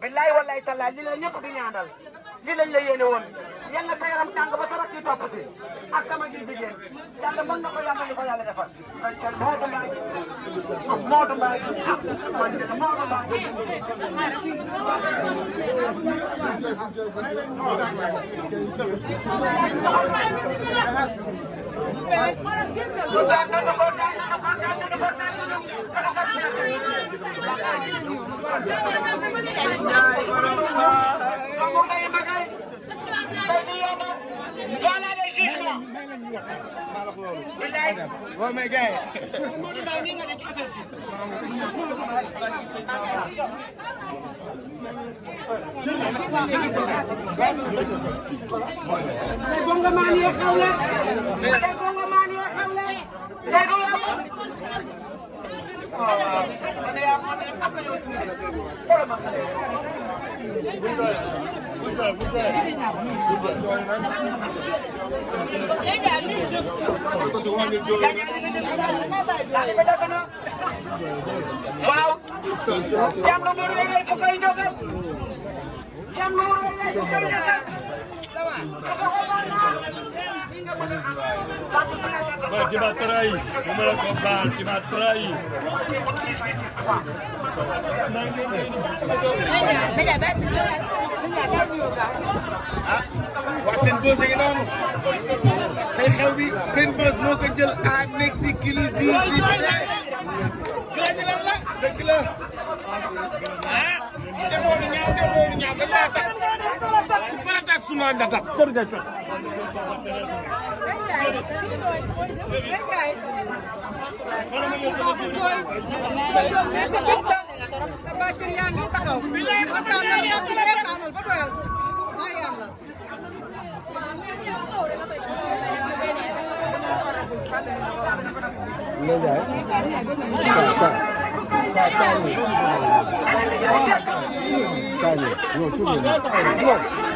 billaay wallaay talaay li la ñëpp di ñaanal lii lañ la yéene woon yal na sa yaram tàng ba sa rakk yi topp si ak sama ji jigéen yàlla mën na ko yàlla ñu ko yàlla defal. Moodu Mbaye Moodu Mbaye Moodu Mbaye. waaw mais gars yi. waaw jàmm bu rëy ko koy jógal jàmm bu rëy ko koy jógal Ouais, tu m'as trahi. Tu me la comprends, tu m'as trahi. ah waa seen bës yi noonu tey xew bi seen bës moo ko jël à Mexique li si gis dëgg la naa nga tax kër ngay toj. Tanya, no, two minutes.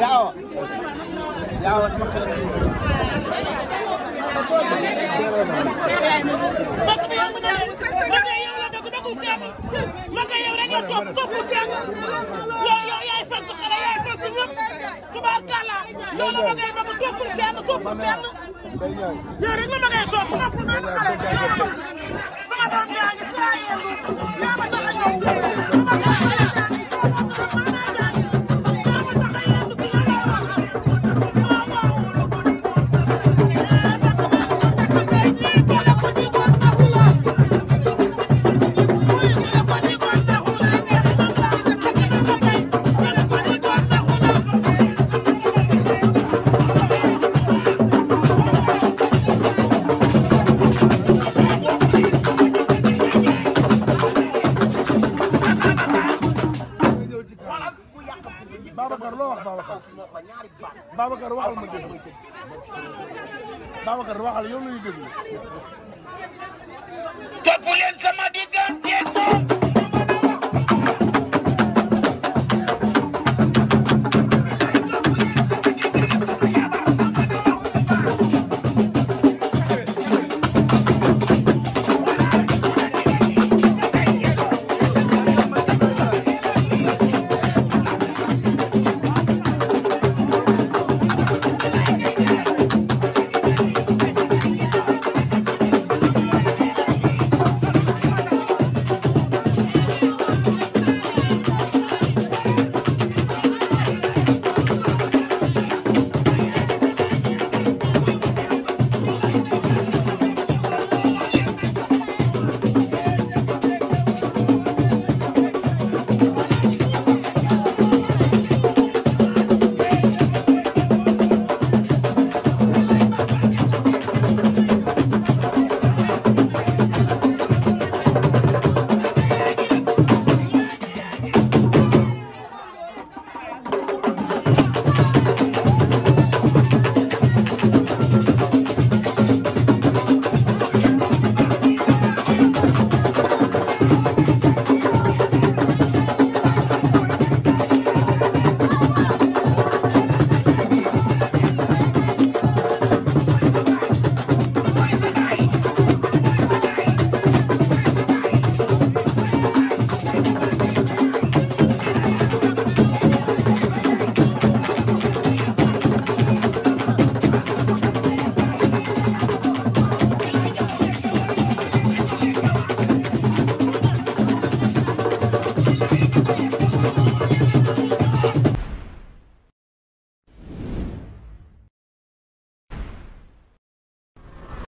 yawa yawa mbokk bi yomb na maka yow la dëgg dëggu kenn maka yow rek nga topp topp kenn yow yow yaay sant xale yaay sant ñëpp tubaarkàlla loolu ma ngay bëgg toppul kenn toppul kenn yow rek la ma ngay topp topp benn xale sama doom yaa ngi wax Babacar Babacar waxal ma dégg Babacar waxal yow la ñuy déglu topp leen sama